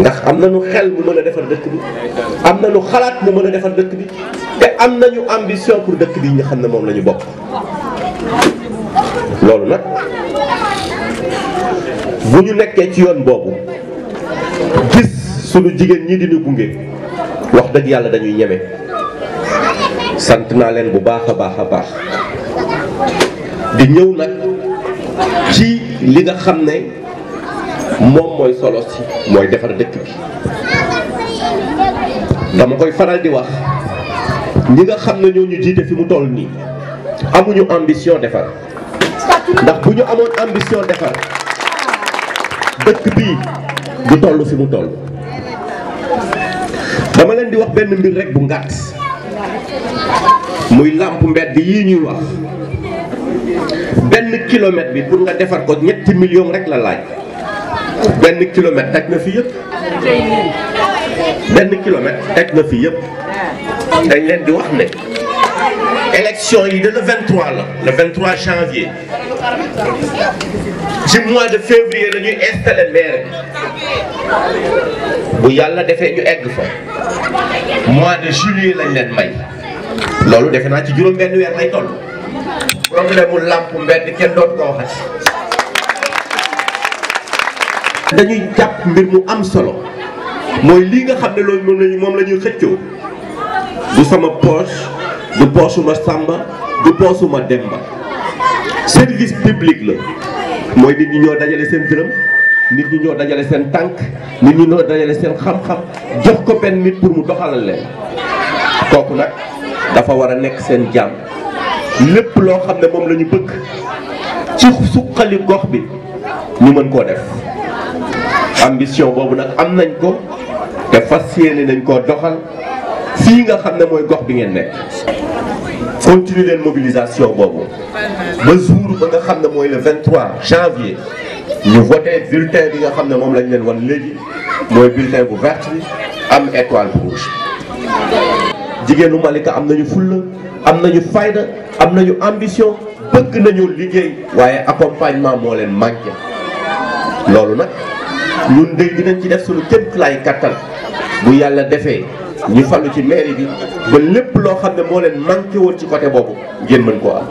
ndax am na ñu xel bu mën a defar dëkk bi am na ñu xalaat bu mën a defar dëkk bi te am na nañu ambition pour dëkk bi nga xam ne moom lañu ñu bokk loolu nag bu ñu nekkee ci yoon boobu gis sunu jigéen ñi di gunge wax dëgg yàlla dañuy ñeme sant naa leen bu baax a baax a baax di ñëw nag ci li nga xam ne moom mooy solo si mooy defar dëkk bi dama koy faral di wax ñi nga xam ne ñoo ñu jiite fi mu toll nii amuñu ambition defar ndax bu ñu amoon ambition defar dëkk bii du toll fi mu toll dama leen di wax benn mbir rekk bu ngàtt muy làmp mbedd yi ñuy wax benn kilomètre bi pour nga defar ko ñetti million rek la laaj ben kilomètre teg na fi yëpp ben kilomètre teg na fi yëpp dañ leen di wax ne élection yi de le 23 la le 23 janvier ci mois de février la ñuy installé maire bu yàlla defee ñu egg fa mois de juillet lañ leen may loolu defe naa ci juróom benn weer lay toll problème lamp làmp mbedd kenn dootu ko waxati dañuy jàpp mbir mu am solo mooy lii nga xam ne loolu moom la ñuy xëccoo du sama poche du poche ma Samba du poche ma Demba service public la mooy nit ñi ñoo dajale seen dërëm nit ñi ñoo dajale seen tànk nit ñi ñoo dajale seen xam-xam jox ko benn nit pour mu doxalal leen kooku nag dafa war a nekk seen jàmm lépp loo xam ne moom lañuy bëgg ci suqali gox bi ñu mën koo def ambition bobu nak am nañ ko té fas nañ ko doxal fii nga xamné moy gox bi ngeen nek continuer leen mobilisation bobu ba jour ba nga xamné moy le 23 janvier ñu voté bulletin bi nga xam ne lañ leen won légui moy bulletin bu vert am étoile rouge. jigéenu Malika am nañu fulla am nañu fayda am nañu ambition bëgg nañu liggéey waaye accompagnement moo leen manqué loolu nag. ñun de dinañ ci def suñu kéem laay kàttan bu yàlla defee ñu falu ci mairie bi ba lépp loo xam ne moo leen manqué woon ci côté boobu ngeen mën koo am.